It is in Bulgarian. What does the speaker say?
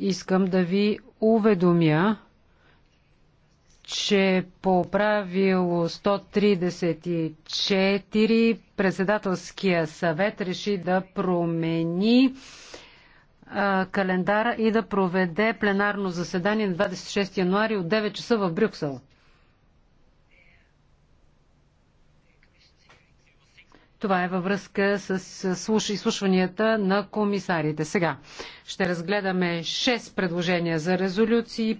искам да ви уведомя, че по правило 134 председателския съвет реши да промени а, календара и да проведе пленарно заседание на 26 януари от 9 часа в Брюксел. Това е във връзка с изслушванията на комисарите. Сега ще разгледаме 6 предложения за резолюции.